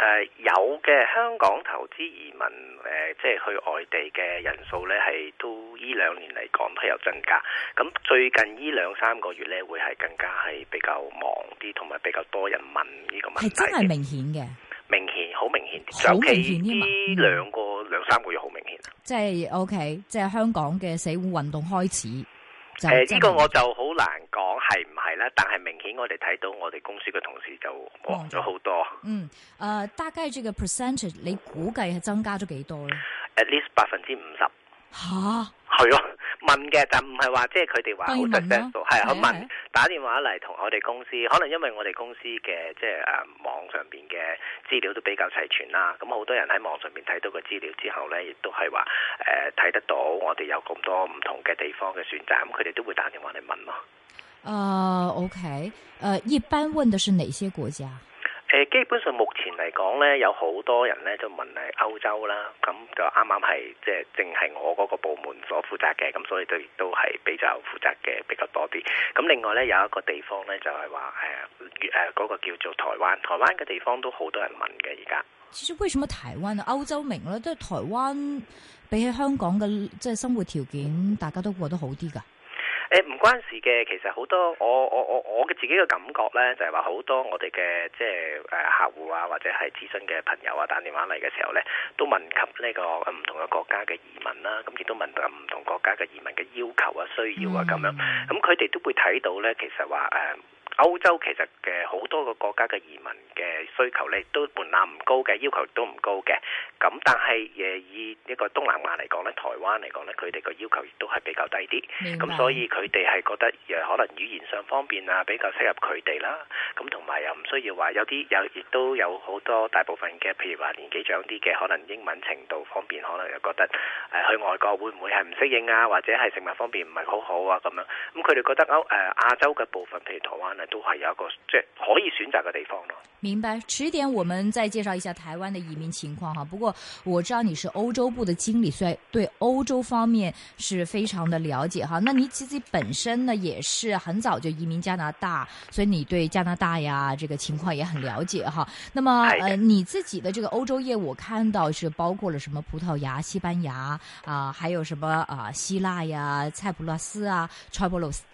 誒、啊，有嘅香港投資移民誒、呃，即係去外地嘅人數咧，係都依兩年嚟講都有增加。咁最近依兩三個月咧，會係更加係比較忙啲，同埋比較多人問呢個問題。係真係明顯嘅，明顯好明顯添。O K，呢兩個兩、嗯、三個月好明顯啊。即係 O K，即係香港嘅社會運動開始就誒，呢、呃這個我就好難講係。但係明顯我哋睇到我哋公司嘅同事就旺咗好多。嗯，誒、呃，大概住嘅 percentage，你估計係增加咗幾多呢？At least 百分之五十。嚇哈！係啊，問嘅就唔係話即係佢哋話好、啊、successful 問打電話嚟同我哋公司。可能因為我哋公司嘅即係誒網上邊嘅資料都比較齊全啦、啊，咁好多人喺網上面睇到個資料之後呢，亦都係話誒睇得到我哋有咁多唔同嘅地方嘅選擇，咁佢哋都會打電話嚟問咯。啊、uh，OK，誒、uh，一般問的是哪些國家？誒、呃，基本上目前嚟講呢，有好多人呢就問係歐洲啦，咁就啱啱係即係淨係我嗰個部門所負責嘅，咁所以對都係比較負責嘅比較多啲。咁另外呢，有一個地方呢就係話誒，誒、呃、嗰、呃那個叫做台灣，台灣嘅地方都好多人問嘅而家。其實為什麼台灣、歐洲明呢？都係台灣比起香港嘅即係生活條件，大家都覺得好啲噶？誒唔、欸、關事嘅，其實好多，、就是、多我我我我嘅自己嘅感覺咧，就係話好多我哋嘅即係誒客戶啊，或者係諮詢嘅朋友啊打電話嚟嘅時候咧，都問及呢個唔同嘅國家嘅移民啦、啊，咁亦都問到唔同國家嘅移民嘅要求啊、需要啊咁樣，咁佢哋都會睇到咧，其實話誒。呃歐洲其實嘅好多個國家嘅移民嘅需求咧，都門檻唔高嘅，要求都唔高嘅。咁但係誒以一個東南亞嚟講咧，台灣嚟講咧，佢哋個要求亦都係比較低啲。咁明白。所以佢哋係覺得誒可能語言上方面啊，比較適合佢哋啦。咁同埋又唔需要話有啲有亦都有好多大部分嘅，譬如話年紀長啲嘅，可能英文程度方面，可能又覺得誒去外國會唔會係唔適應啊，或者係食物方面唔係好好啊咁樣。咁佢哋覺得歐誒亞洲嘅部分，譬如台灣啊。都係有一個即係、就是、可以選擇嘅地方咯。明白，遲點，我們再介紹一下台灣的移民情況。哈。不過我知道你是歐洲部的經理，所以對歐洲方面是非常的了解哈。那你其實本身呢也是很早就移民加拿大，所以你對加拿大呀這個情況也很了解哈。那麼呃，你自己的這個歐洲業務，我看到是包括了什麼？葡萄牙、西班牙啊、呃，還有什麼啊、呃、希臘呀、塞浦路斯啊、塞浦路斯。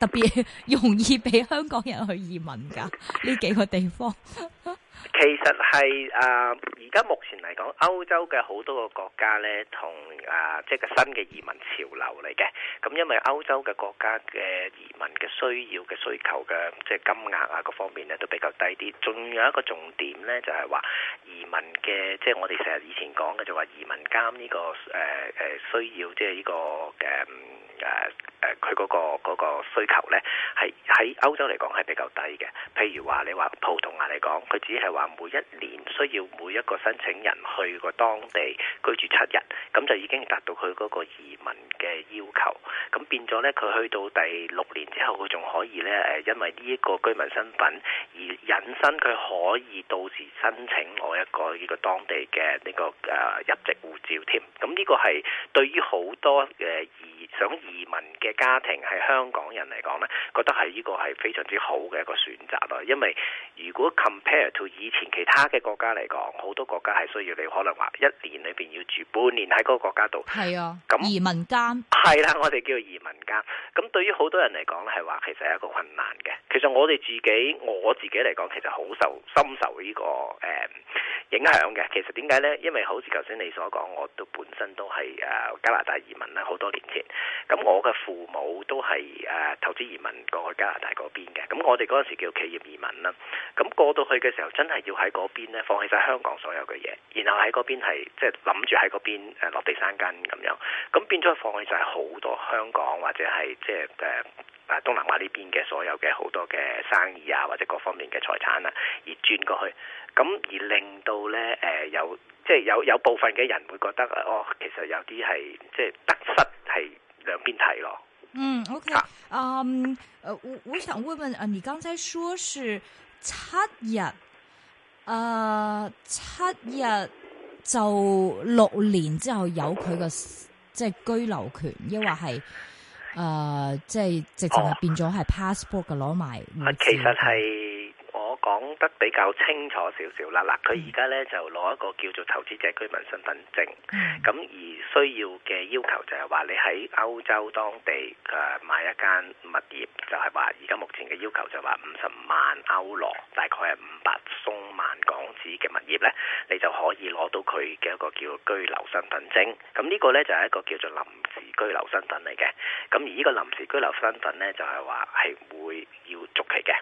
特別容易俾香港人去移民㗎，呢幾個地方。 其實係誒，而、呃、家目前嚟講，歐洲嘅好多個國家咧，同誒、啊、即係個新嘅移民潮流嚟嘅。咁、嗯、因為歐洲嘅國家嘅移民嘅需要嘅需求嘅即係金額啊，各方面咧都比較低啲。仲有一個重點咧，就係、是、話移民嘅，即係我哋成日以前講嘅，就話移民監呢、這個誒誒、呃呃，需要即係呢、這個誒誒，誒佢嗰個、這個需求咧，係喺歐洲嚟講係比較低嘅。譬如你話你話葡萄牙嚟講，佢只係。話每一年需要每一個申請人去過當地居住七日，咁就已經達到佢嗰個移民嘅要求。咁變咗咧，佢去到第六年之後，佢仲可以咧，誒，因為呢一個居民身份而引申佢可以到時申請我一個呢個當地嘅呢個誒入籍護照添。咁呢個係對於好多誒移想移民嘅家庭係香港人嚟講咧，覺得係呢個係非常之好嘅一個選擇咯。因為如果 compare to 以前其他嘅國家嚟講，好多國家係需要你，可能話一年裏邊要住半年喺嗰個國家度。係啊，咁樣移民監係啦，係、係、我哋叫移民監。咁對於好多人嚟講咧，係話其實係一個困難嘅。其實我哋自己我自己嚟講，其實好受深受呢、呢個誒、嗯、影響嘅。其實點解呢？因為好似頭先你所講，我都本身都係誒、呃、加拿大移民啦，好多年前。咁我嘅父母都係誒、呃、投資移民過去加拿大嗰邊嘅。咁我哋嗰陣時叫企業移民啦。咁過到去嘅時候，真係要喺嗰邊咧，放棄晒香港所有嘅嘢，然後喺嗰邊係即係諗住喺嗰邊落地生根咁樣，咁變咗放棄晒好多香港或者係即係誒啊東南亞呢邊嘅所有嘅好多嘅生意啊，或者各方面嘅財產啊，而轉過去，咁而令到咧誒、呃、有即係、就是、有有部分嘅人會覺得哦，其實有啲係即係得失係兩邊睇咯。嗯，OK，嗯，okay. 啊 um, 我我想問問啊，你剛才說是七日。誒，七、uh, 日就六年之後有佢個即係居留權，抑或係誒，即係直情係變咗係 passport 嘅攞埋。唔係其實係。講得比較清楚少少啦，嗱，佢而家咧就攞一個叫做投資者居民身份證，咁而需要嘅要求就係話你喺歐洲當地誒買一間物業，就係話而家目前嘅要求就係話五十萬歐羅，大概係五百鬆萬港紙嘅物業咧，你就可以攞到佢嘅一個叫做居留身份證。咁、這、呢個咧就係一個叫做臨時居留身份嚟嘅，咁而呢個臨時居留身份咧就係話係會要續期嘅。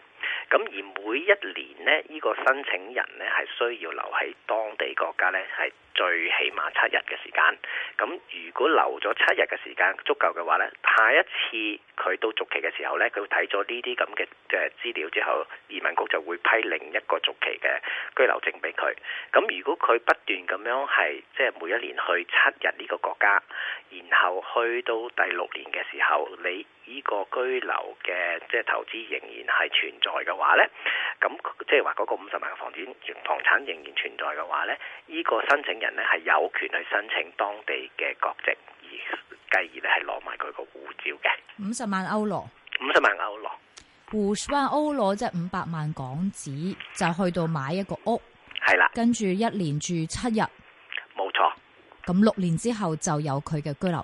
咁而每一年呢，呢個申請人呢，係需要留喺當地國家呢，係最起碼七日嘅時間。咁如果留咗七日嘅時間足夠嘅話呢，下一次佢到續期嘅時候呢，佢睇咗呢啲咁嘅嘅資料之後，移民局就會批另一個續期嘅居留證俾佢。咁如果佢不斷咁樣，係即係每一年去七日呢個國家，然後去到第六年嘅時候，你。呢個居留嘅即係投資仍然係存在嘅話呢，咁即係話嗰個五十萬嘅房產房產仍然存在嘅話呢呢、呢個申請人咧係有權去申請當地嘅國籍，而繼而咧係攞埋佢個護照嘅。歐羅，五十萬歐羅，五十萬歐羅，五十萬歐羅即係五百萬港紙就去到買一個屋，係啦的，跟住一年住七日，冇錯錯。咁六年之後就有佢嘅居留。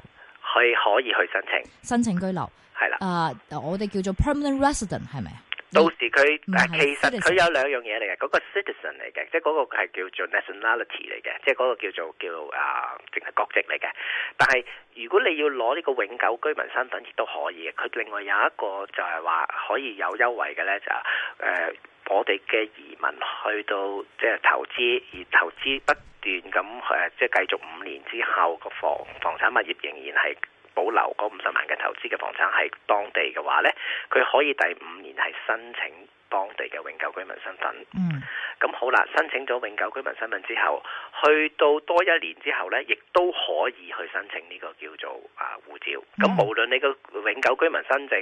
可以去申請申請居留，係啦的。啊，uh, 我哋叫做 permanent resident 係咪啊？到時佢唔係 c 佢有兩樣嘢嚟嘅，嗰、嗰個 citizen 嚟嘅，即係嗰個係叫做 nationality 嚟嘅，即係嗰個叫做叫啊，淨、呃、係國籍嚟嘅。但係如果你要攞呢個永久居民身份，亦都可以。佢另外有一個就係話可以有優惠嘅咧，就誒、是呃、我哋嘅移民去到即係投資，而投資不斷咁去，即係繼續五年之後個房房產物業仍然係。保留嗰五十萬嘅投資嘅房產喺當地嘅話，咧，佢可以第五年係申請。當地嘅永久居民身份。嗯。咁好啦，申請咗永久居民身份之後，去到多一年之後呢，亦都可以去申請呢個叫做啊護照。咁、mm. 無論你個永久居民申請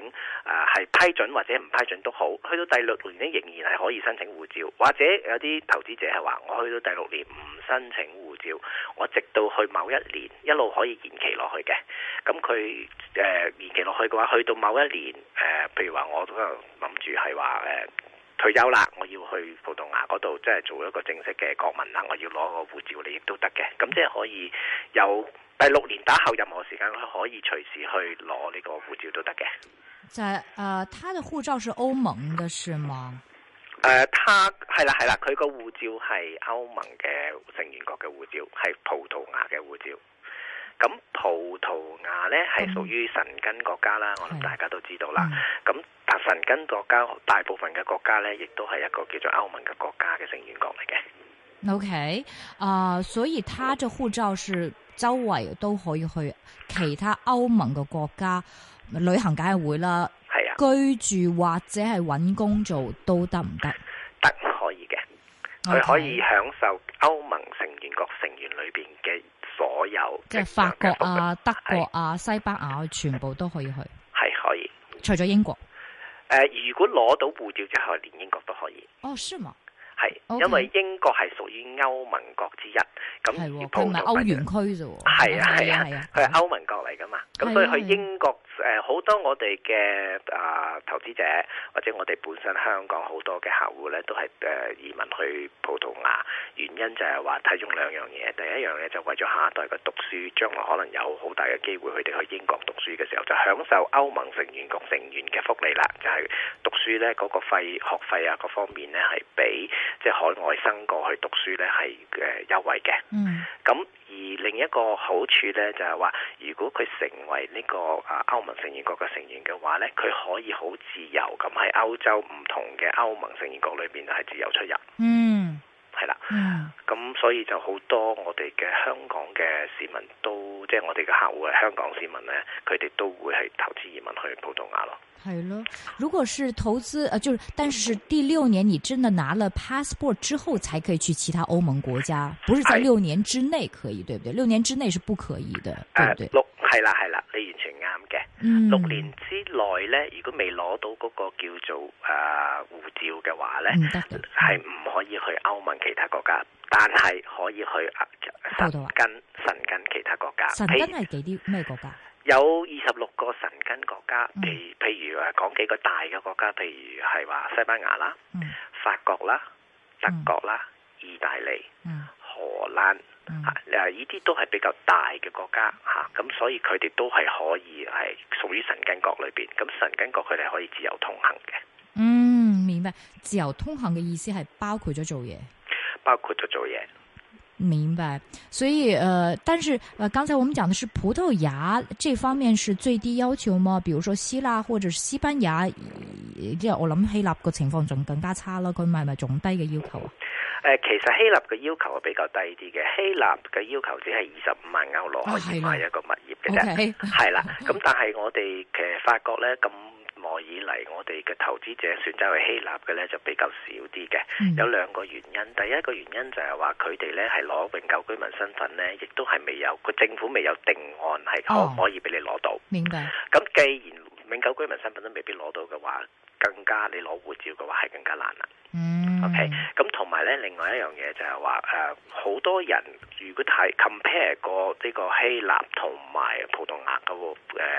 啊係、呃、批准或者唔批准都好，去到第六年呢，仍然係可以申請護照。或者有啲投資者係話，我去到第六年唔申請護照，我直到去某一年一路可以延期落去嘅。咁佢誒延期落去嘅話，去到某一年誒、呃，譬如話我嗰個諗住係話誒。呃退休啦，我要去葡萄牙嗰度，即係做一個正式嘅國民啦。我要攞個護照你亦都得嘅，咁即係可以有第六年打後任何時間，佢可以隨時去攞呢個護照都得嘅。在啊、呃，他嘅護照是歐盟嘅，是嗎？誒、呃，他係啦係啦，佢個護照係歐盟嘅成員國嘅護照，係葡萄牙嘅護照。咁葡萄牙咧，係屬於神根國家啦，嗯、我諗大家都知道啦。咁、嗯、神根國家大部分嘅國家咧，亦都係一個叫做歐盟嘅國家嘅成員國嚟嘅。O K，啊，所以佢嘅護照是周圍都可以去其他歐盟嘅國家旅行，梗係會啦。係啊，居住或者係搵工做都得唔得？得 可以嘅，佢可以享受歐盟成員國成員裏邊嘅。所有即，即係法國啊、德國啊、是西班牙，全部都可以去，係可以。除咗英國，誒、呃，如果攞到護照之後，連英國都可以。哦，是嘛？係是，Okay. 因為英國係屬於歐盟國之一，咁係歐元區啫係啊係啊，係啊，佢係歐盟國嚟噶嘛。咁所以去英國，誒、呃，好多我哋嘅誒投資者或者我哋本身香港好多嘅客戶咧，都係誒移民去葡萄牙。因就係話睇中兩樣嘢，第一樣咧就為咗下一代嘅讀書，將來可能有好大嘅機會佢哋去英國讀書嘅時候就享受歐盟成員國成員嘅福利啦，就係、是、讀書咧嗰、那個費學費啊各方面咧係比即係海外生過去讀書咧係誒優惠嘅。嗯，咁而另一個好處咧就係、是、話，如果佢成為呢、這個啊歐盟成員國嘅成員嘅話咧，佢可以好自由咁喺歐洲唔同嘅歐盟成員國裏邊就係自由出入。嗯。係啦，咁、嗯、所以就好多我哋嘅香港嘅市民都，都即係我哋嘅客戶啊，香港市民咧，佢哋都會係投資移民去葡萄牙咯。係咯，如果是投資誒、呃，就是、但是第六年你真的拿了 passport 之後，才可以去其他歐盟國家，不是在六年之內可以，哎、對不對？六年之內是不可以的，對不對？呃係啦，係啦，你完全啱嘅。嗯、六年之內咧，如果未攞到嗰個叫做誒呃、護照嘅話咧，係唔、嗯、可以去歐盟其他國家，但係可以去啊神根神根其他國家。神根係幾啲咩國家？ 有二十六個神根國家，譬譬如誒講幾個大嘅國家，譬如係話西班牙啦、嗯、法國啦、德國啦、嗯、意大利、嗯、荷蘭。吓，誒、嗯，呢啲、嗯、都係比較大嘅國家吓，咁、啊、所以佢哋都係可以係屬於申根國裏邊，咁申根國佢哋可以自由通行嘅。嗯，明白。自由通行嘅意思係包括咗做嘢，包括咗做嘢。明白。所以誒、呃，但是誒，剛、呃、才我們講嘅是葡萄牙，這方面是最低要求嘛？比如說希臘或者西班牙，即、呃、我諗希臘個情況仲更加差咯，佢咪咪仲低嘅要求啊？嗯誒，其實希臘嘅要求比較低啲嘅，希臘嘅要求只係二十五萬歐羅可以買一個物業嘅啫，係啦、哦。咁、okay. 但係我哋其實發覺咧，咁耐以嚟，我哋嘅投資者選擇去希臘嘅咧就比較少啲嘅。嗯、有兩個原因，第一個原因就係話佢哋咧係攞永久居民身份咧，亦都係未有個政府未有定案係可唔可以俾你攞到。明。咁、哦、既然永久居民身份都未必攞到嘅話，更加你攞護照嘅話係更加難啦。嗯 OK，咁同埋咧，另外一樣嘢就係、是、話，誒、呃，好多人如果睇 compare 過呢個希臘同埋葡萄牙個誒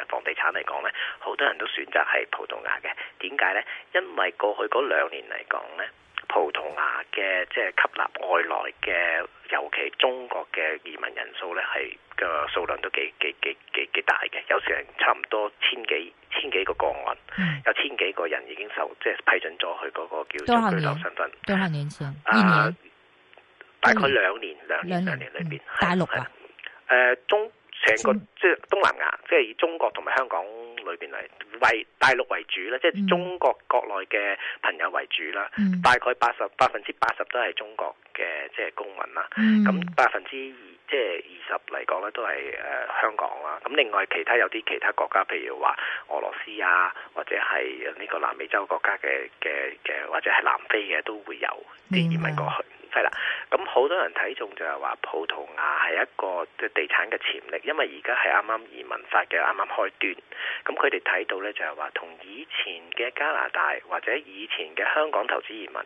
房地產嚟講咧，好多人都選擇係葡萄牙嘅。點解咧？因為過去嗰兩年嚟講咧，葡萄牙嘅即係吸納外來嘅，尤其中國嘅移民人數咧，係個數量都幾幾幾幾幾大嘅，有時係差唔多千幾。千幾個個案，有千幾個人已經受即係批准咗佢嗰個叫做居留身份，都係年大概兩年、兩年、兩年裏邊、嗯啊啊，大陸啊，誒中成個即係東南亞，即係以中國同埋香港裏邊嚟為大陸為主啦，即係中國國內嘅朋友為主啦，大概八十百分之八十都係中國嘅即係公民啦，咁百分之二。嗯即係二十嚟講咧，都係誒香港啦。咁另外其他有啲其他國家，譬如話俄羅斯啊，或者係呢個南美洲國家嘅嘅嘅，或者係南非嘅都會有啲移民過去。係啦，咁好、嗯、多人睇中就係話葡萄牙係一個嘅地產嘅潛力，因為而家係啱啱移民法嘅啱啱開端，咁佢哋睇到呢就，就係話同以前嘅加拿大或者以前嘅香港投資移民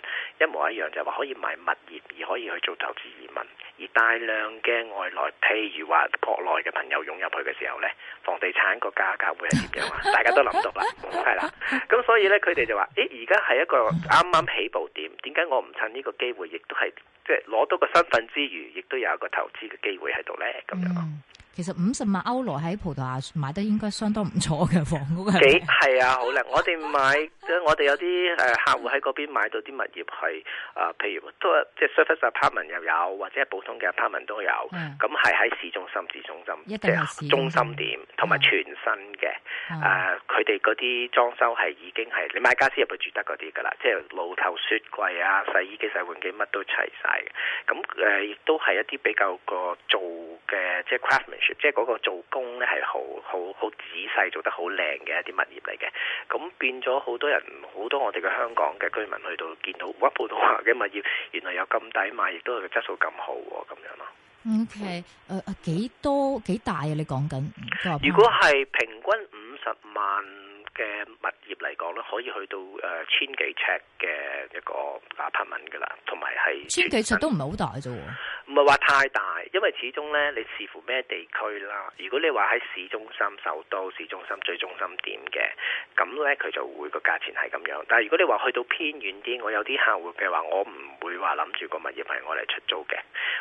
一模一樣，就係話可以買物業而可以去做投資移民，而大量嘅外來譬如話國內嘅朋友湧入去嘅時候呢，房地產個價格會係點樣啊？大家都諗到啦，係、嗯、啦，咁、嗯嗯嗯嗯嗯、所以呢，佢哋就話，誒而家係一個啱啱起步點，點解我唔趁呢個機會，亦都係？即係攞到個身份之餘，亦都有一個投資嘅機會喺度咧，咁樣。Mm. 其實五十萬歐羅喺葡萄牙買得應該相當唔錯嘅房屋。幾係啊，好靚！我哋買，我哋有啲誒客戶喺嗰邊買到啲物業係啊，譬如都即係 surface apartment 又有，或者普通嘅 apartment 都有。咁係喺市中心，市中心一定係中心點，同埋全新嘅。誒，佢哋嗰啲裝修係已經係你買家私入去住得嗰啲噶啦，即係爐頭雪櫃啊、洗衣機、洗碗機、乜都齊晒嘅。咁誒，亦都係一啲比較個做嘅即係即係嗰個做工咧係好好好仔細，做得好靚嘅一啲物業嚟嘅。咁變咗好多人好多我哋嘅香港嘅居民去到見到哇葡萄牙嘅物業，原來有咁抵買，亦都係質素咁好咁樣咯。OK，誒誒、嗯呃，幾多幾大啊？你講緊？就是、如果係平均五十萬，嘅物業嚟講咧，可以去到誒、呃、千幾尺嘅一個、啊、民大鋪面噶啦，同埋係千幾尺都唔係好大啫，唔係話太大，因為始終咧，你視乎咩地區啦。如果你話喺市中心、首都、市中心最中心點嘅，咁咧佢就會個價錢係咁樣。但係如果你話去到偏遠啲，我有啲客戶嘅話，我唔會話諗住個物業係我嚟出租嘅，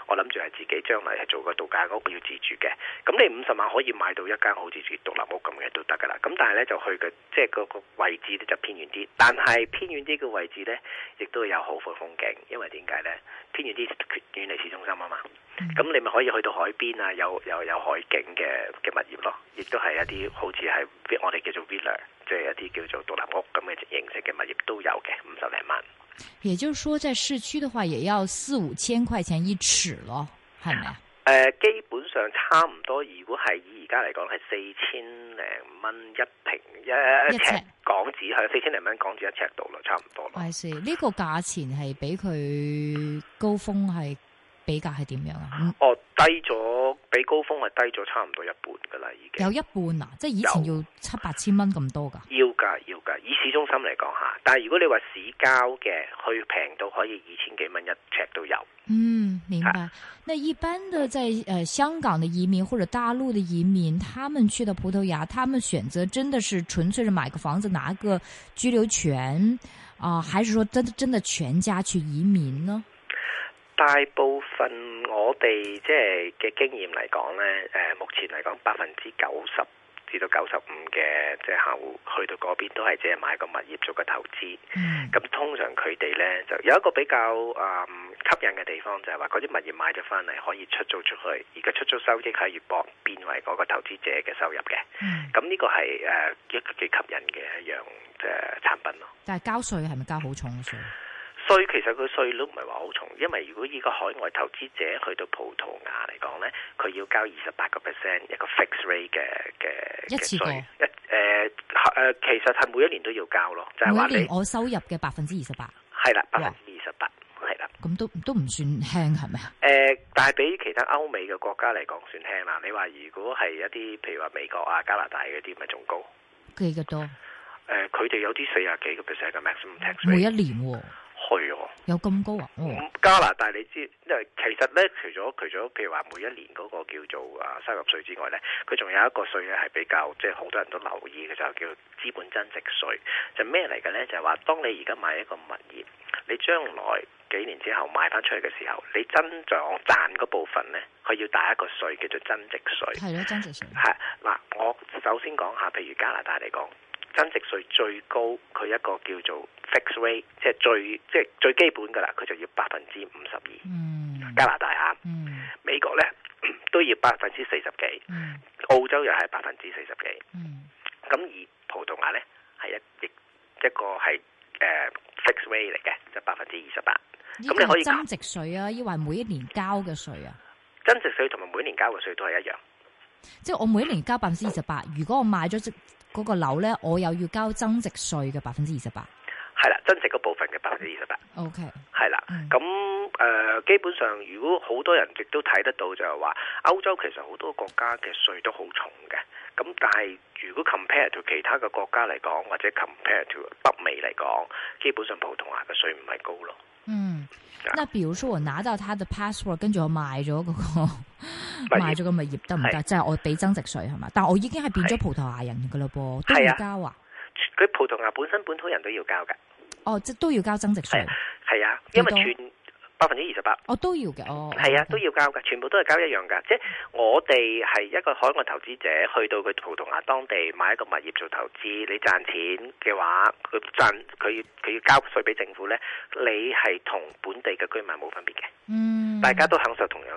我諗住係自己將來係做個度假屋要自住嘅。咁你五十萬可以買到一間好似自住獨立屋咁嘅都得噶啦。咁但係咧就去嘅。即係個，個位置咧就偏遠啲，但係偏遠啲嘅位置咧，亦都有好嘅風景。因為點解咧？偏遠啲就遠離市中心啊嘛，咁、嗯、你咪可以去到海邊啊，有有有海景嘅嘅物業咯，亦都係一啲好似係我哋叫做 villa，即係一啲叫做獨立屋咁嘅形式嘅物業都有嘅，五十零萬。也就是說，在市區的話，也要四五千塊錢一尺咯，係咪？嗯誒，基本上差唔多。如果係以而家嚟講，係四千零蚊一平一尺港紙，係四千零蚊港紙一尺度啦，差唔多係，呢個價錢係比佢高峰係。比較係點樣啊？哦，低咗，比高峰係低咗差唔多一半噶啦，已經有一半啊！即係以前要七八千蚊咁多噶，要噶要噶。以市中心嚟講吓，但係如果你話市郊嘅，去平到可以二千幾蚊一尺都有。嗯，明白。是那一般的在誒、呃、香港嘅移民或者大陸嘅移民，他們去到葡萄牙，他們選擇真的是純粹是買個房子，拿個居留權啊、呃，還是說真的真的全家去移民呢？大部分我哋即係嘅經驗嚟講呢，誒目前嚟講百分之九十至到九十五嘅即係客戶去到嗰邊都係就係買個物業做個投資。咁、嗯、通常佢哋呢，就有一個比較誒、嗯、吸引嘅地方，就係話嗰啲物業買咗翻嚟可以出租出去，而個出租收益係越薄變為嗰個投資者嘅收入嘅。咁呢、嗯、個係誒一個幾吸引嘅一樣嘅產品咯。但係交稅係咪交好重？所以其實佢稅率唔係話好重，因為如果以個海外投資者去到葡萄牙嚟講咧，佢要交二十八個 percent 一個 fixed rate 嘅嘅一次稅。一誒誒、呃，其實係每一年都要交咯，就係、是、話你每一年我收入嘅百分之二十八。係啦，百分之二十八係啦，咁哇的都都唔算輕係咪啊？誒、呃，但係比其他歐美嘅國家嚟講算輕啦。你話如果係一啲譬如話美國啊、加拿大嗰啲咪仲高幾多？誒、呃，佢哋有啲四廿幾個 percent 嘅 maximum tax 每一年、哦去哦，有咁高啊？嗯、加拿大你知，因為其實咧，除咗除咗譬如話每一年嗰個叫做啊收入稅之外咧，佢仲有一個稅咧係比較即係好多人都留意嘅，就叫資本增值稅。就咩嚟嘅咧？就係話當你而家買一個物業，你將來幾年之後賣翻出去嘅時候，你增長賺嗰部分咧，佢要帶一個稅叫做增值稅。係啊，增值稅。係嗱，我首先講下，譬如加拿大嚟講。增值稅最高佢一個叫做 fixed rate，即係最即係最基本噶啦，佢就要百分之五十二。嗯，加拿大啊，嗯、美國咧都要百分之四十幾，嗯、澳洲又係百分之四十幾。嗯，咁而葡萄牙咧係一亦一個係誒 fixed rate 嚟嘅，就百分之二十八。咁你可以增值稅啊，抑或每一年交嘅稅啊？增值稅同埋每年交嘅稅都係一樣。嗯、即係我每一年交百分之二十八，如果我買咗即。嗰個樓咧，我又要交增值稅嘅百分之二十八，係啦，增值嗰部分嘅百分之二十八。OK，係啦，咁誒、嗯呃、基本上，如果好多人亦都睇得到就，就係話歐洲其實好多國家嘅稅都好重嘅，咁但係如果 compare to 其他嘅國家嚟講，或者 compare to 北美嚟講，基本上葡萄牙嘅稅唔係高咯。嗯，那比如說我拿到他的 passport，跟住我賣咗嗰個賣咗業 個物業得唔得？即係是我俾增值稅係嘛？但我已經係變咗葡萄牙人噶啦噃，啊、都要交啊？佢葡萄牙本身本土人都要交噶，哦，即都要交增值稅，係啊，啊，因為全。百分之二十八，我 28.、哦、都要嘅，係、哦、啊，都要交嘅，全部都係交一樣嘅。即係我哋係一個海外投資者，去到佢葡萄牙當地買一個物業做投資，你賺錢嘅話，佢賺佢佢要交稅俾政府呢，你係同本地嘅居民冇分別嘅，嗯、大家都享受同樣。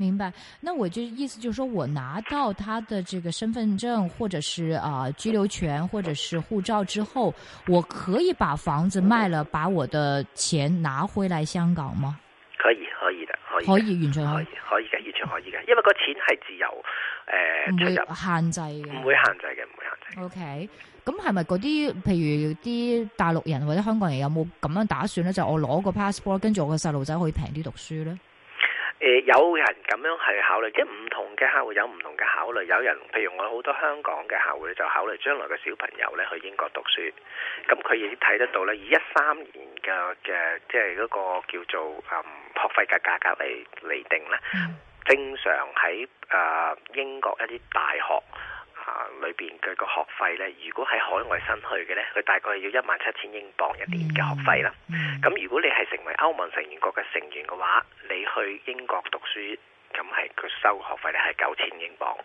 明白，那我就意思就是說我拿到他的這個身份證，或者是啊、呃、居留權，或者是護照之後，我可以把房子賣了，把我的錢拿回來香港嗎？可以，可以的，可以。可以，完全可以，可以嘅，完全可以嘅，因為個錢係自由誒，唔、呃、會限制嘅，唔入會限制嘅，唔會限制。OK，咁係咪嗰啲譬如啲大陸人或者香港人有冇咁樣打算咧？就是、我攞個 passport，跟住我個細路仔可以平啲讀書咧？誒、呃、有人咁樣係考慮嘅，唔同嘅客戶有唔同嘅考慮。有人譬如我好多香港嘅客戶就考慮將來嘅小朋友咧去英國讀書。咁佢亦睇得到咧，以一三年嘅嘅即係嗰個叫做誒、嗯、學費嘅價格嚟嚟定咧，嗯、正常喺誒、呃、英國一啲大學。裏邊佢個學費咧，如果喺海外新去嘅咧，佢大概要一萬七千英鎊一年嘅學費啦。咁、嗯、如果你係成為歐盟成員國嘅成員嘅話，你去英國讀書，咁係佢收學費咧係九千英鎊，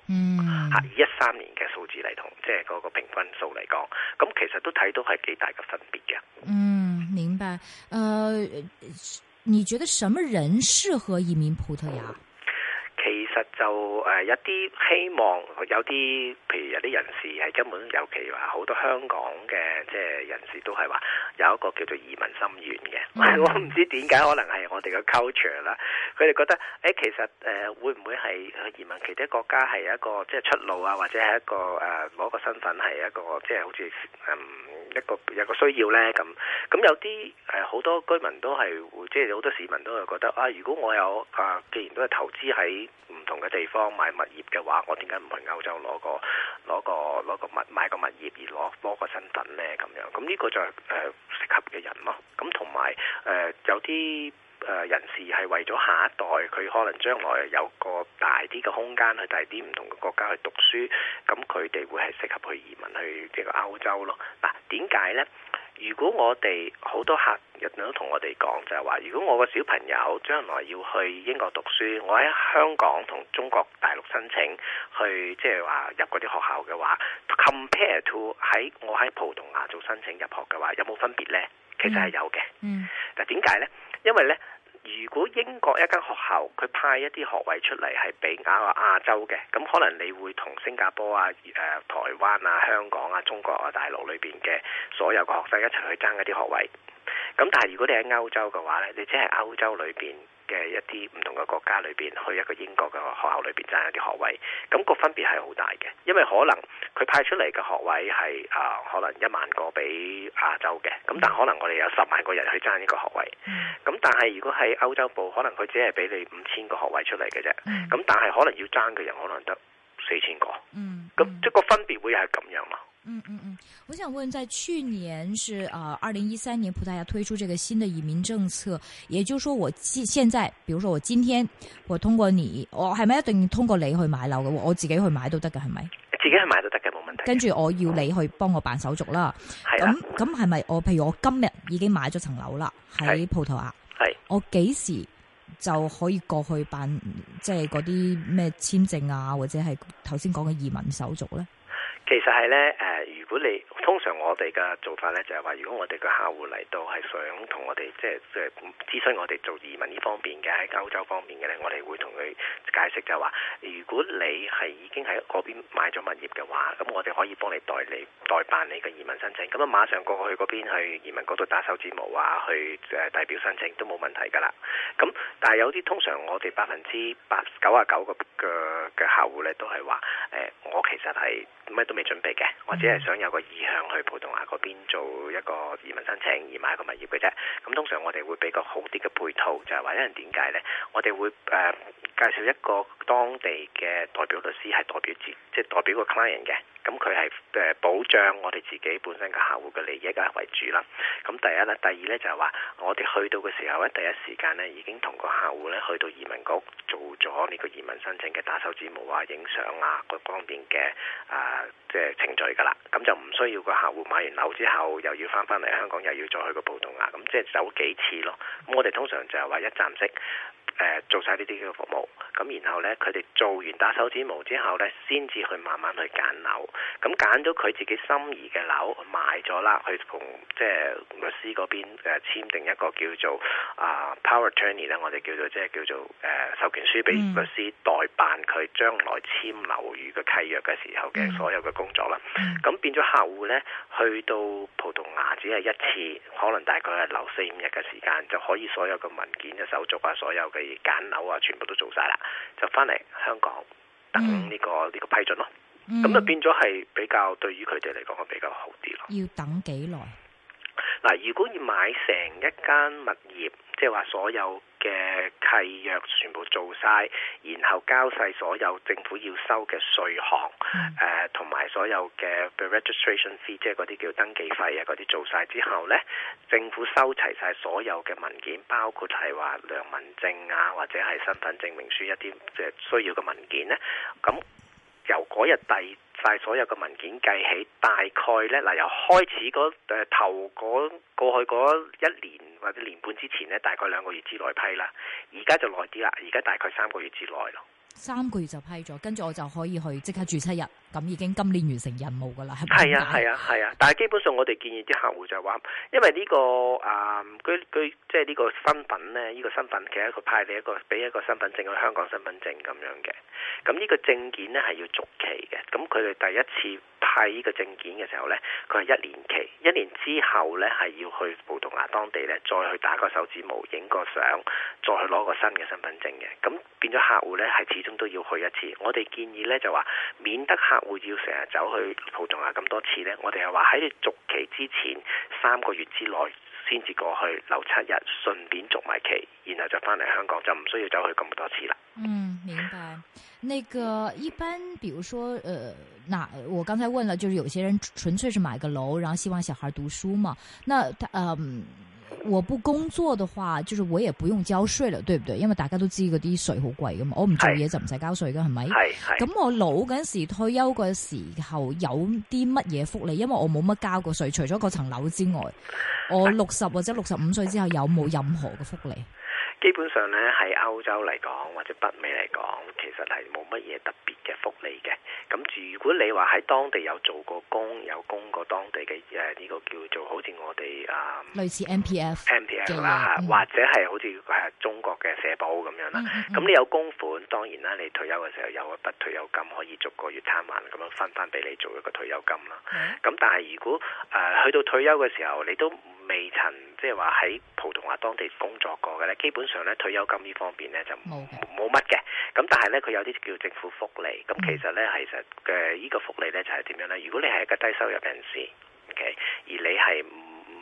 吓以一三年嘅數字嚟，同即係嗰個平均數嚟講，咁其實都睇到係幾大嘅分別嘅。嗯，明白。呃，你覺得什麼人適合移民葡萄牙？嗯就誒有一啲希望，有啲譬如有啲人士係根本，尤其話好多香港嘅即係人士都係話有一個叫做移民心願嘅。我唔、嗯、知點解可能係我哋嘅 culture 啦。佢哋覺得誒、欸、其實誒、呃、會唔會係移民其他國家係一個即係出路啊，或者係一個誒某、呃、一個身份係一個即係好似嗯。一個有個需要呢，咁，咁有啲誒好多居民都係，即係好多市民都係覺得啊，如果我有啊，既然都係投資喺唔同嘅地方買物業嘅話，我點解唔去歐洲攞個攞個攞個物買個物業而攞攞個身份呢？」咁樣？咁呢個就係誒適合嘅人咯。咁同埋誒有啲，呃有誒人士係為咗下一代，佢可能將來有個大啲嘅空間去大啲唔同嘅國家去讀書，咁佢哋會係適合去移民去呢個歐洲咯。嗱、啊，點解呢？如果我哋好多客人都同我哋講，就係話，如果我個小朋友將來要去英國讀書，我喺香港同中國大陸申請去，即係話入嗰啲學校嘅話，compare to 喺我喺葡萄牙做申請入學嘅話，有冇分別呢？其實係有嘅。嗯，但點解呢？因為呢。如果英國一間學校佢派一啲學位出嚟係俾亞亞洲嘅，咁可能你會同新加坡啊、誒、呃、台灣啊、香港啊、中國啊大陸裏邊嘅所有嘅學生一齊去爭一啲學位。咁但係如果你喺歐洲嘅話呢，你即係歐洲裏邊。嘅一啲唔同嘅國家裏邊，去一個英國嘅學校裏邊爭一啲學位，咁、那個分別係好大嘅，因為可能佢派出嚟嘅學位係啊、呃，可能一萬個俾亞洲嘅，咁但可能我哋有十萬個人去爭呢個學位，咁但係如果係歐洲部，可能佢只係俾你五千個學位出嚟嘅啫，咁但係可能要爭嘅人可能得四千個，咁即個分別會係咁樣咯。嗯嗯嗯，我想問，在去年是啊，二零一三年葡萄牙推出這個新的移民政策，也就是說，我現在，比如說我今天我通過你，我係咪一定要通過你去買樓嘅？我自己去買都得嘅，係咪？自己去買都得嘅，冇問題。跟住我要你去幫我辦手續啦。係啊、嗯。咁咁係咪？是是我譬如我今日已經買咗層樓啦，喺葡萄牙。係的。我幾時就可以過去辦，即係嗰啲咩簽證啊，或者係頭先講嘅移民手續咧？其實係咧，誒、呃，如果你通常我哋嘅做法咧，就係話，如果我哋嘅客戶嚟到係想同我哋即係即係諮詢我哋做移民呢方面嘅喺歐洲方面嘅咧，我哋會同佢解釋就係話，如果你係已經。嗰邊買咗物業嘅話，咁我哋可以幫你代理、代辦你嘅移民申請，咁啊馬上過去嗰邊去移民局度打手指模啊，去、呃、代表申請都冇問題噶啦。咁但係有啲通常我哋百分之八九啊九個嘅嘅客戶呢，都係話誒，我其實係咩都未準備嘅，我只係想有個意向去葡萄牙嗰邊做一個移民申請，而買一個物業嘅啫。咁通常我哋會畀個好啲嘅配套，就係、是、話因為點解呢？我哋會誒、呃、介紹一個當地嘅代表律師係代表。即係代表個 client 嘅，咁佢係誒保障我哋自己本身個客戶嘅利益嘅為主啦。咁第一啦，第二咧就係話我哋去到嘅時候咧，第一時間咧已經同個客戶咧去到移民局做咗呢個移民申請嘅打手指模啊、影相啊各方面嘅啊即係程序㗎啦。咁就唔需要個客戶買完樓之後又要翻翻嚟香港又要再去個葡萄牙，咁即係走幾次咯。咁、嗯、我哋通常就係話一站式。誒做晒呢啲嘅服務，咁然後咧，佢哋做完打手指模之後咧，先至去慢慢去揀樓，咁揀到佢自己心儀嘅樓，賣咗啦，去同即係律師嗰邊簽訂、呃、一個叫做啊、呃、power attorney 咧，我哋叫做即係叫做誒授權書俾律師代辦佢將來簽樓宇嘅契約嘅時候嘅所有嘅工作啦。咁變咗客戶咧，去到葡萄牙只係一次，可能大概係留四五日嘅時間就可以所有嘅文件嘅手續啊，所有嘅。揀樓啊，全部都做晒啦，就翻嚟香港等呢、這個呢、嗯、個批准咯，咁、嗯、就變咗係比較對於佢哋嚟講，係比較好啲咯。要等幾耐？嗱，如果要買成一間物業，即係話所有嘅契約全部做晒，然後交晒所有政府要收嘅稅項，誒、呃，同埋所有嘅 registration fee，即係嗰啲叫登記費啊，嗰啲做晒之後呢，政府收齊晒所有嘅文件，包括係話良民證啊，或者係身份證明書一啲即係需要嘅文件呢。咁由嗰日第晒所有嘅文件計起，大概咧嗱、呃，由開始嗰誒、呃、頭嗰、那個、過去嗰一年或者年半之前咧，大概兩個月之內批啦。而家就耐啲啦，而家大概三個月之內咯。三個月就批咗，跟住我就可以去即刻註冊入。咁已經今年完成任務噶啦，係咪啊？係啊，係啊，但係基本上我哋建議啲客戶就係話，因為呢個啊，佢佢即係呢個身份咧，呢個身份其實佢派你一個俾一個身份證，個香港身份證咁樣嘅。咁呢個證件咧係要續期嘅。咁佢哋第一次派呢個證件嘅時候咧，佢係一年期，一年之後咧係要去葡萄牙當地咧再去打個手指模，影個相，再去攞個新嘅身份證嘅。咁變咗客戶咧係始終都要去一次。我哋建議咧就話，免得客戶會要成日走去普通下咁多次呢，我哋係話喺你續期之前三個月之內先至過去留七日，順便續埋期，然後就翻嚟香港就唔需要走去咁多次啦。嗯，明白。那個一般，比如說，呃，嗱，我剛才問了，就是有些人純粹是買個樓，然後希望小孩讀書嘛，那，嗯。我不工作的話，就是我也不用交稅了，對不對？因為大家都知嗰啲稅好貴噶嘛，我唔做嘢就唔使交稅噶，係咪？係係。咁我老嗰時退休嘅時候有啲乜嘢福利？因為我冇乜交過稅，除咗嗰層樓之外，我六十或者六十五歲之後有冇任何嘅福利？基本上咧，喺歐洲嚟講或者北美嚟講，其實係冇乜嘢特別嘅福利嘅。咁如果你話喺當地有做過工，有供過當地嘅誒呢個叫做好似我哋啊，呃、類似 M P F M P F 啦、嗯、或者係好似中國嘅社保咁樣啦。咁、嗯嗯嗯、你有供款，當然啦，你退休嘅時候有一筆退休金可以逐個月攤還咁樣分翻俾你做一個退休金啦。咁、嗯、但係如果誒、呃、去到退休嘅時候，你都唔～未曾即係話喺葡萄牙當地工作過嘅咧，基本上咧，退休金呢方面咧就冇冇乜嘅。咁 Okay. 但係咧佢有啲叫政府福利，咁其實咧其實嘅呢個福利咧就係、是、點樣咧？如果你係一個低收入人士，OK，而你係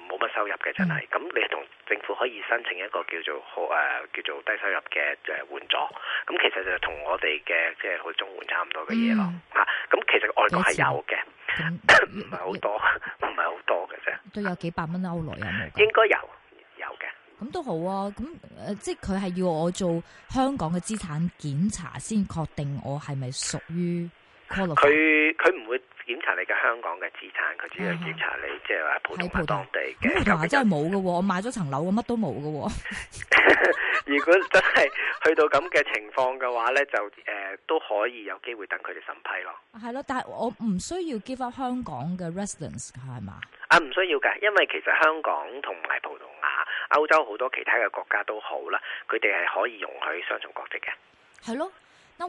冇乜收入嘅真係，咁、mm. 你同政府可以申請一個叫做好誒、呃、叫做低收入嘅誒援助。咁其實就同我哋嘅即係好綜援差唔多嘅嘢咯。嚇、呃，咁、呃其、呃嗯、其實外國係有嘅，唔係好多，唔係好。 都有幾百蚊歐羅嘅，應該有有嘅。咁都好啊，咁誒、呃，即係佢係要我做香港嘅資產檢查先確定我係咪屬於。佢佢唔會。檢查你嘅香港嘅資產，佢主要檢查你，即係話葡萄牙當地嘅。葡萄牙真係冇嘅喎，我買咗層樓，我乜都冇嘅喎。 如果真係去到咁嘅情況嘅話呢，就誒、呃、都可以有機會等佢哋審批咯。係咯， 但係我唔需要 give up 香港嘅 residence 係嘛？啊，唔需要㗎，因為其實香港同埋葡萄牙、歐洲好多其他嘅國家都好啦，佢哋係可以容許雙重國籍嘅。係咯。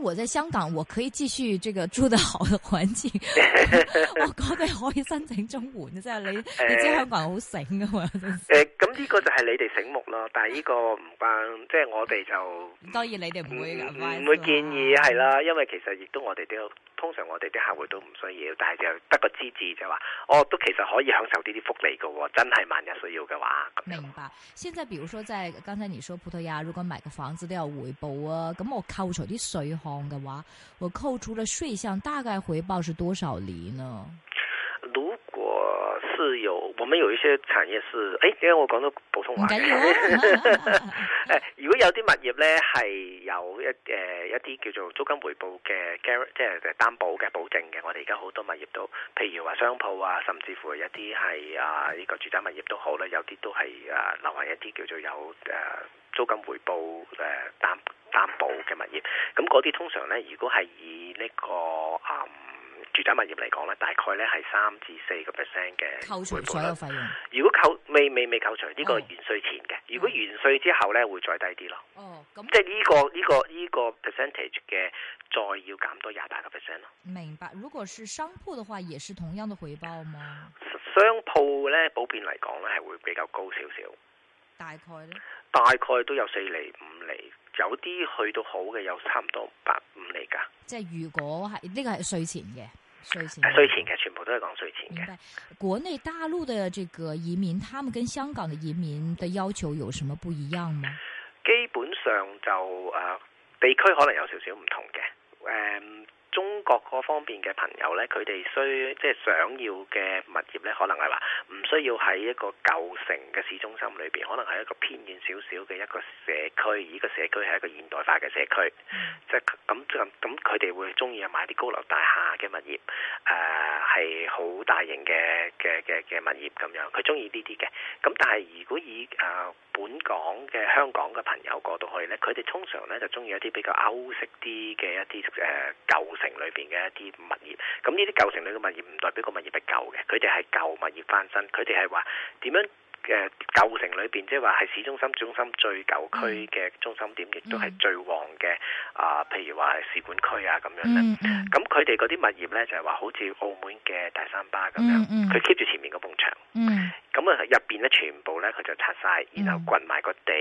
我在香港我可以繼續這個住得好嘅環境， 我覺得可以申請綜援。即係你、呃、你知香港人好醒㗎嘛。誒，咁呢個就係你哋醒目咯，但係呢個唔關，即係我哋就當然你哋唔會唔、嗯、會建議係、嗯、啦，因為其實亦都我哋啲通常我哋啲客戶都唔需要，但係就得個資質就話，我、哦、都其實可以享受呢啲福利噶，真係萬一需要嘅話。明白。現在，比如說在剛才你說葡萄牙，如果買個房子都有回報啊，咁我扣除啲稅。 我扣除了稅項，大概回報是多少厘呢？是有，我們有一些產業是，誒、哎，點解我講咗普通話。 如果有啲物業呢，係有一誒、呃、一啲叫做租金回報嘅 g 即係擔保嘅保證嘅，我哋而家好多物業都，譬如話商鋪啊，甚至乎一啲係啊呢個住宅物業都好啦，有啲都係啊、呃、流行一啲叫做有誒、呃、租金回報誒、呃、擔擔保嘅物業，咁嗰啲通常呢，如果係以呢、這個嗯。呃住宅物業嚟講咧，大概咧係三至四個 percent 嘅，扣除所有費用。如果扣未未未扣除呢、這個係完稅前嘅，哦、如果完稅之後咧會再低啲咯。哦，咁即係呢、這個呢、這個呢、這個 percentage 嘅，再要減多廿八個 percent 咯。明白。如果是商鋪嘅話，也是同樣嘅回報嗎？商鋪咧，普遍嚟講咧係會比較高少少。大概咧？大概都有四厘、五厘，有啲去到好嘅有差唔多百五厘噶。即係如果係呢個係稅前嘅。稅前，嘅，稅前其實全部都係講稅前嘅。國內大陸的這個移民，他們跟香港的移民的要求有什麼不一樣嗎？基本上就誒、啊，地區可能有少少唔同嘅，誒、嗯。中國嗰方面嘅朋友呢，佢哋需即係想要嘅物業呢，可能係話唔需要喺一個舊城嘅市中心裏邊，可能係一個偏遠少少嘅一個社區，而個社區係一個現代化嘅社區。嗯、即係咁咁，佢哋會中意買啲高樓大廈嘅物業，誒係好大型嘅嘅嘅嘅物業咁樣。佢中意呢啲嘅。咁但係如果以誒、呃、本港嘅香港嘅朋友過到去呢，佢哋通常呢就中意一啲比較歐式啲嘅一啲誒舊城裏邊嘅一啲物業，咁呢啲舊城裏嘅物業唔代表個物業係舊嘅，佢哋係舊物業翻新，佢哋係話點樣誒舊、呃、城裏邊，即係話係市中心中心最舊區嘅中心點，亦都係最旺嘅啊、呃，譬如話係使館區啊咁樣咧。咁佢哋嗰啲物業咧就係、是、話好似澳門嘅大三巴咁樣，佢 keep 住前面嗰埲牆。嗯嗯嗯咁啊，入邊咧全部咧佢就拆晒，然後掘埋個地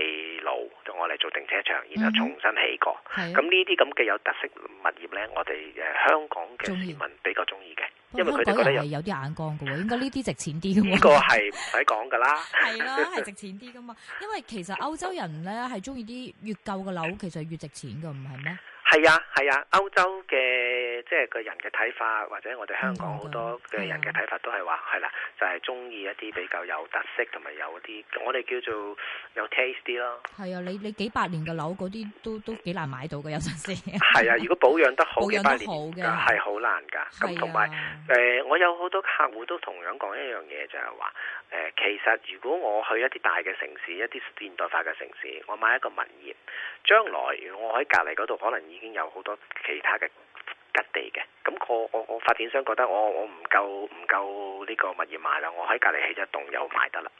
牢，用做我嚟做停車場，然後重新起過。咁呢啲咁嘅有特色物業咧，我哋誒、呃、香港嘅市民比較中意嘅，因為佢哋覺得有啲眼光嘅喎， 應該呢啲值錢啲。呢個係唔使講嘅啦，係 咯，係值錢啲嘅嘛。因為其實歐洲人咧係中意啲越舊嘅樓，其實越值錢嘅，唔係咩？係啊，係啊，歐洲嘅即係個人嘅睇法，或者我哋香港好多嘅人嘅睇法都係話係啦，就係中意一啲比較有特色同埋有啲，我哋叫做有 taste 啲咯。係啊，你你幾百年嘅樓嗰啲都都幾難買到嘅有陣時。係啊，如果保養得好幾百年，係好難噶咁同埋誒，我有好多客戶都同樣講一樣嘢，就係話誒，其實如果我去一啲大嘅城市，一啲現代化嘅城市，我買一個物業，將來我喺隔籬嗰度可能已經已經有好多其他嘅吉地嘅，咁我我我發展商覺得我我唔夠唔夠呢個物業賣啦，我喺隔籬起一棟又賣得啦。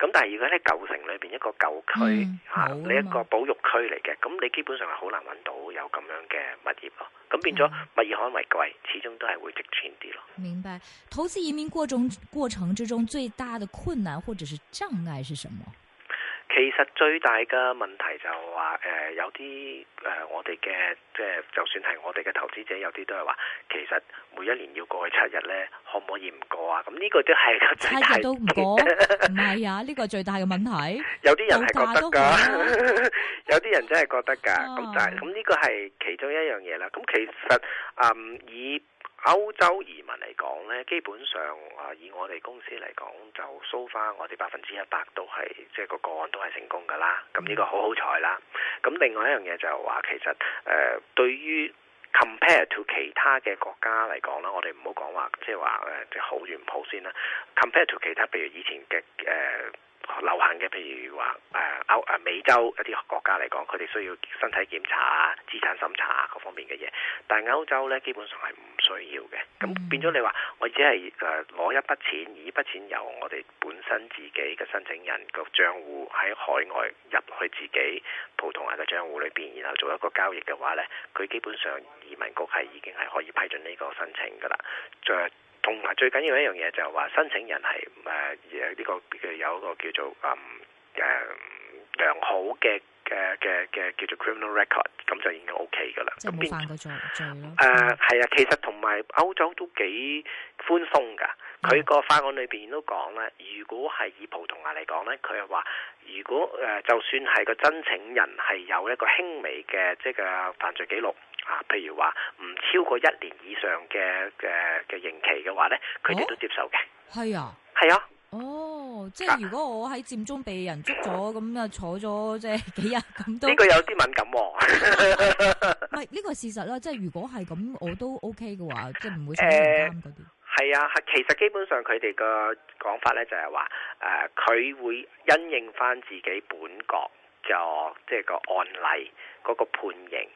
咁但係如果喺舊城裏邊一個舊區吓，呢一個保育區嚟嘅，咁你基本上係好難揾到有咁樣嘅物業咯。咁變咗物業可能為貴，始終都係會值錢啲咯。明白，投資移民過程過程之中最大的困難或者是障礙是什麼？其實最大嘅問題就話、是、誒、呃，有啲誒、呃，我哋嘅即係就算係我哋嘅投資者，有啲都係話，其實每一年要過去七日咧，可唔可以唔過啊？咁、嗯、呢、這個都係最大嘅唔係啊！呢個最大嘅問題，有啲人係覺得㗎，啊、 有啲人真係覺得㗎，咁大咁呢個係其中一樣嘢啦。咁、嗯、其實誒、嗯、以歐洲移民嚟講咧，基本上啊，以我哋公司嚟講，就 so far 我哋百分之一百都係，即係個個案都係成功噶啦。咁呢個好好彩啦。咁另外一樣嘢就係話，其實誒、呃，對於 compare to 其他嘅國家嚟講啦，我哋唔好講話，即係話誒好與唔好先啦。compare to 其他，譬如以前嘅誒。呃流行嘅，譬如話誒歐誒美洲一啲國家嚟講，佢哋需要身體檢查啊、資產審查啊各方面嘅嘢。但係歐洲呢，基本上係唔需要嘅。咁變咗你話，我只係誒攞一筆錢，而呢筆錢由我哋本身自己嘅申請人個賬戶喺海外入去自己葡萄牙嘅賬戶裏邊，然後做一個交易嘅話呢，佢基本上移民局係已經係可以批准呢個申請噶啦。同埋最緊要一樣嘢就係話，申請人係誒誒呢個有一個叫做誒、呃呃、良好嘅嘅嘅嘅叫做 criminal record，咁就已經 OK 噶啦。咁變誒係啊，呃、的其實同埋歐洲都幾寬鬆㗎。佢個法案裏邊都講咧，如果係以葡萄牙嚟講咧，佢係話，如果誒、呃、就算係個申請人係有一個輕微嘅即係犯罪記錄，啊，譬如話唔超過一年以上嘅嘅嘅刑期嘅話咧，佢哋都接受嘅。係、哦、啊，係啊。哦，即係如果我喺佔中被人捉咗，咁啊又坐咗即係幾日咁都。呢個有啲敏感喎、哦。唔係呢個事實啦，即係如果係咁我都 OK 嘅話，即係唔會出人監啲。係啊，其實基本上佢哋個講法咧就係、是、話，誒、呃，佢會因應翻自己本國嘅即係個案例嗰、那個判刑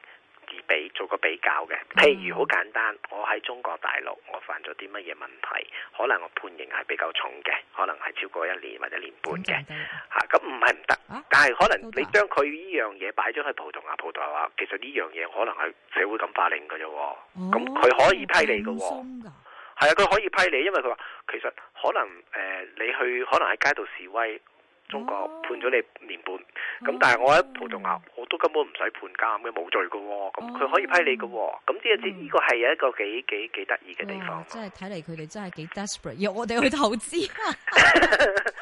而比做個比較嘅。譬如好簡單，我喺中國大陸，我犯咗啲乜嘢問題，可能我判刑係比較重嘅，可能係超過一年或者年半嘅。吓，咁唔係唔得，但係可能你將佢呢樣嘢擺咗喺葡萄牙葡萄牙，其實呢樣嘢可能係社會咁化令嘅啫，咁佢、哦、可以批你嘅。係啊，佢可以批你，因為佢話其實可能誒、呃、你去可能喺街度示威，中國、oh. 判咗你年半。咁、oh. 但係我喺葡萄牙，我都根本唔使判監嘅，冇罪嘅喎、哦。咁佢可以批你嘅喎、哦。咁即係即呢個係有一個幾幾幾得意嘅地方、啊。即係睇嚟佢哋真係幾 desperate，要我哋去投資。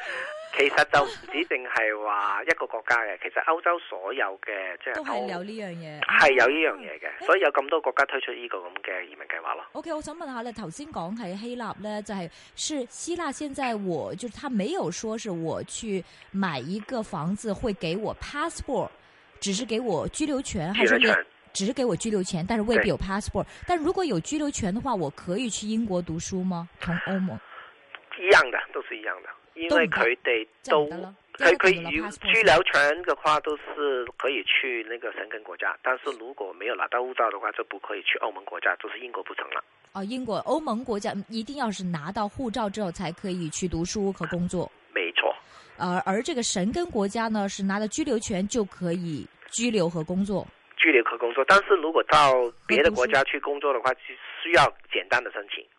其實就唔止淨係話一個國家嘅，其實歐洲所有嘅即係都係有呢樣嘢，係有呢樣嘢嘅，所以有咁多國家推出呢個咁嘅移民計劃咯。OK，我想問下你頭先講喺希臘咧，就係是希臘現在我，就是他沒有說是我去買一個房子會給我 passport，只是給我居留權，還是你，只是給我居留權？但是未必有 passport 是。但如果有居留權的話，我可以去英國讀書嗎？同歐盟一樣的，都是一樣的。因為佢哋都，佢佢有居留權的話，都是可以去那個申根國家。但是如果沒有拿到護照的話，就不可以去歐盟國家，就是英國不成了。哦，英國、歐盟國家一定要是拿到護照之後才可以去讀書和工作。嗯、沒錯。而、呃、而這個申根國家呢，是拿到居留權就可以居留和工作。居留和工作，但是如果到別的國家去工作的話，就需要簡單的申請。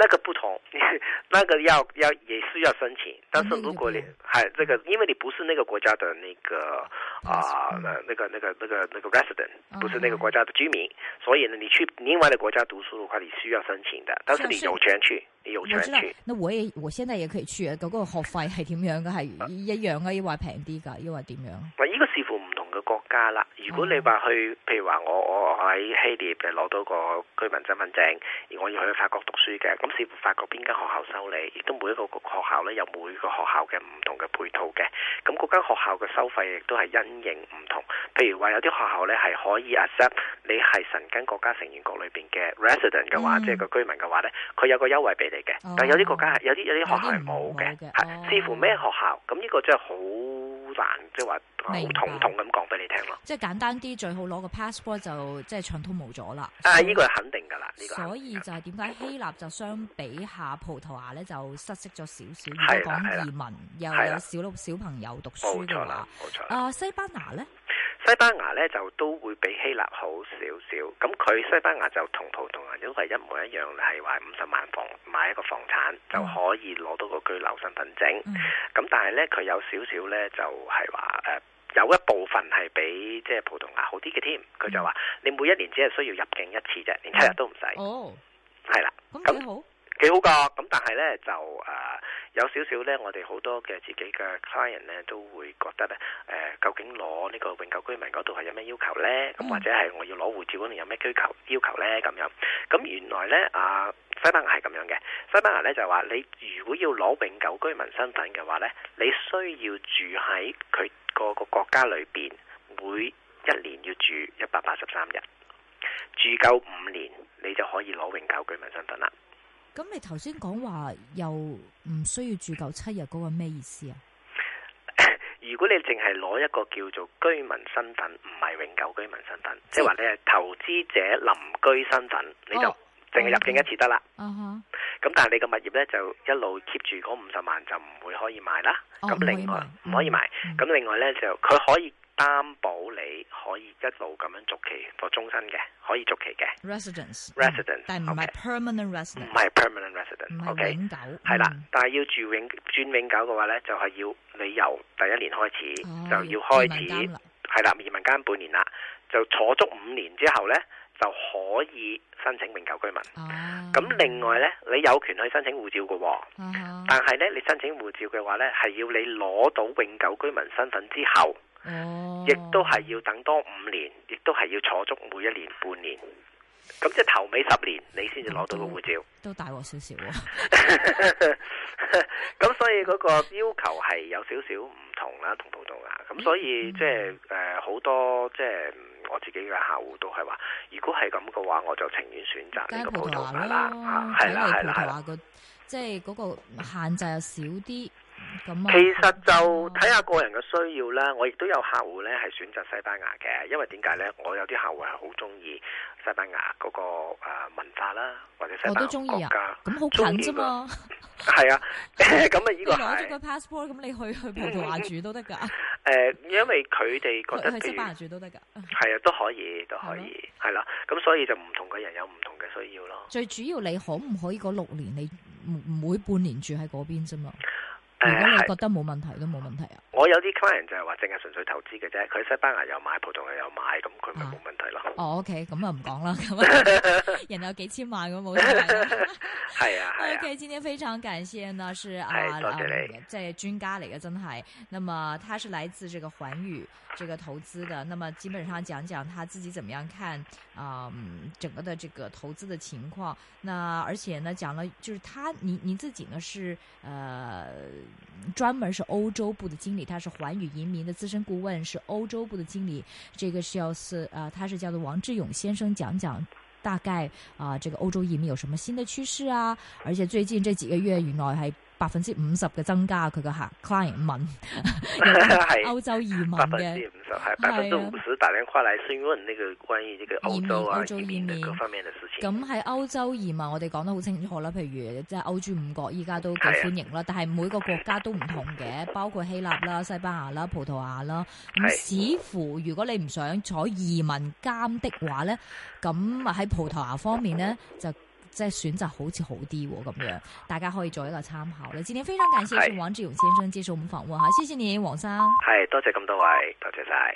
那個不同，那個要要也是要申請。但是如果你還、嗯那個、這個，因為你不是那個國家的那個啊，那個、呃、那個那個、那個、那個 resident，、嗯、不是那個國家的居民，嗯、所以呢，你去另外的國家讀書的話，你需要申請的。但是你有權去，你有權去，你有權去。那我也我現在也可以去啊，嗰個學費係點樣噶？係一樣啊，抑或平啲噶？抑或點樣？哇、這個，依個似乎唔。嘅國家啦，嗯、如果你話去，譬如話我我喺希臘誒攞到個居民身份證，而我要去法國讀書嘅，咁視乎法國邊間學校收你，亦都每一個學校咧有每個學校嘅唔同嘅配套嘅，咁嗰間學校嘅收費亦都係因應唔同。譬如話有啲學校咧係可以 accept 你係申根國家成員國裏邊嘅 resident 嘅話，嗯、即係個居民嘅話咧，佢有個優惠俾你嘅。嗯、但係有啲國家係有啲有啲學校係冇嘅，視乎咩學校。咁呢個真係好難，即係話，好痛痛咁講俾你聽咯。明白即係簡單啲，最好攞個 passport 就即係暢通無阻啦。啊，呢個係肯定噶啦，呢個。所以就係點解希臘就相比下葡萄牙咧，就失色咗少少。係啊係啊。如果講移民係啊又有小老係啊小朋友讀書嘅話，啊，西班牙咧。西班牙咧就都會比希臘好少少，咁佢西班牙就同葡萄牙都係一模一樣，係話五十萬房買一個房產就可以攞到個居留身份證。咁、嗯、但係咧佢有少少咧就係話誒有一部分係比即係葡萄牙好啲嘅添，佢就話、嗯、你每一年只係需要入境一次啫，連七日都唔使。哦，係啦。咁、嗯、那好。幾好噶，咁但係呢，就誒、呃、有少少呢。我哋好多嘅自己嘅 client 咧，都會覺得咧誒、呃，究竟攞呢個永久居民嗰度係有咩要求呢？咁、嗯、或者係我要攞護照嗰度有咩要求要求咧？咁樣咁、嗯、原來呢，啊、呃，西班牙係咁樣嘅。西班牙呢，就話你如果要攞永久居民身份嘅話咧，你需要住喺佢個個國家裏邊每一年要住一百八十三日，住夠五年你就可以攞永久居民身份啦。咁你頭先講話又唔需要住夠七日嗰個咩意思啊？如果你淨係攞一個叫做居民身份，唔係永久居民身份，即係話你係投資者臨居身份，你就淨係入境一次得啦。咁、哦 okay. uh huh. 但係你個物業呢，就一路 keep 住嗰五十萬就唔會可以賣啦。咁、哦、另外唔可以賣。咁另外呢，就佢可以。擔保你可以一路咁樣續期到終身嘅，可以續期嘅。resident，但係唔係 permanent Residence，唔係 permanent resident，唔係永久。係啦 okay.、嗯，但係要住永轉永久嘅話咧，就係、是、要你由第一年開始、啊、就要開始係啦，移民監半年啦，就坐足五年之後咧就可以申請永久居民。咁、啊、另外咧，你有權去申請護照嘅、哦，啊、哈但係咧你申請護照嘅話咧，係要你攞到永久居民身份之後。哦，亦都係要等多五年，亦都係要坐足每一年半年，咁即係頭尾十年，你先至攞到個護照都，都大鑊少少。咁 所以嗰個要求係有少少唔同啦，同葡萄牙。咁所以即係誒，好、嗯呃、多即係、呃呃、我自己嘅客戶都係話，如果係咁嘅話，我就情願選擇葡萄牙啦。係啦，係啦，係啦，即係個限制又少啲。啦啦 啊、其實就睇下個人嘅需要啦，嗯、我亦都有客戶咧係選擇西班牙嘅，因為點解咧？我有啲客戶係好中意西班牙嗰個誒文化啦，或者西班牙，我都中意㗎，咁好、啊啊、近啫嘛。係 啊，咁啊、 嗯，呢個你攞住個 passport，咁你去去葡萄牙住都得噶。誒，因為佢哋覺得譬如西班牙住都得噶，係啊，都可以，都可以，係啦嗎。咁、啊、所以就唔同嘅人有唔同嘅需要咯。最主要你可唔可以嗰六年你唔唔會半年住喺嗰邊啫嘛？如果你覺得冇問題都冇問題啊！我有啲 client 就係話淨係純粹投資嘅啫，佢西班牙有買，葡萄牙有買，咁佢咪冇乜。啊哦、oh，OK，咁啊唔講啦，咁、嗯、啊，人到幾千萬咁冇所謂。係 啊，OK，今天非常感謝呢，是啊啊，在軍家磊嘅曾海，那麼他是來自這個寰宇這個投資的，那麼基本上講講他自己怎麼樣看啊、嗯、整個的這個投資的情況。那而且呢講了就是他，你你自己呢是呃專門是歐洲部的經理，他是寰宇移民的資深顧問，是歐洲部的經理，這個是要是啊、呃，他是叫做王。王志勇先生講講大概啊、呃，這個歐洲移民有什麼新的趨勢啊？而且最近這幾個月，呢還。百分之五十嘅增加，佢嘅客 client 問，係 歐洲移民嘅，百分之五十係百分之五十打電話嚟詢問呢個關於呢個歐洲啊，移民各方面嘅事情。咁喺歐洲移民，移民我哋講得好清楚啦。譬如即係歐洲五國，依家都幾歡迎啦。啊、但係每個國家都唔同嘅，包括希臘啦、西班牙啦、葡萄牙啦。咁、啊、似乎如果你唔想坐移民監的話咧，咁喺葡萄牙方面咧就。即係選擇好似好啲咁、哦、樣，大家可以做一個參考。嚟今天非常感謝王志勇先生接受我們訪問吓，謝謝你，王生。係，多謝咁多位，多謝晒。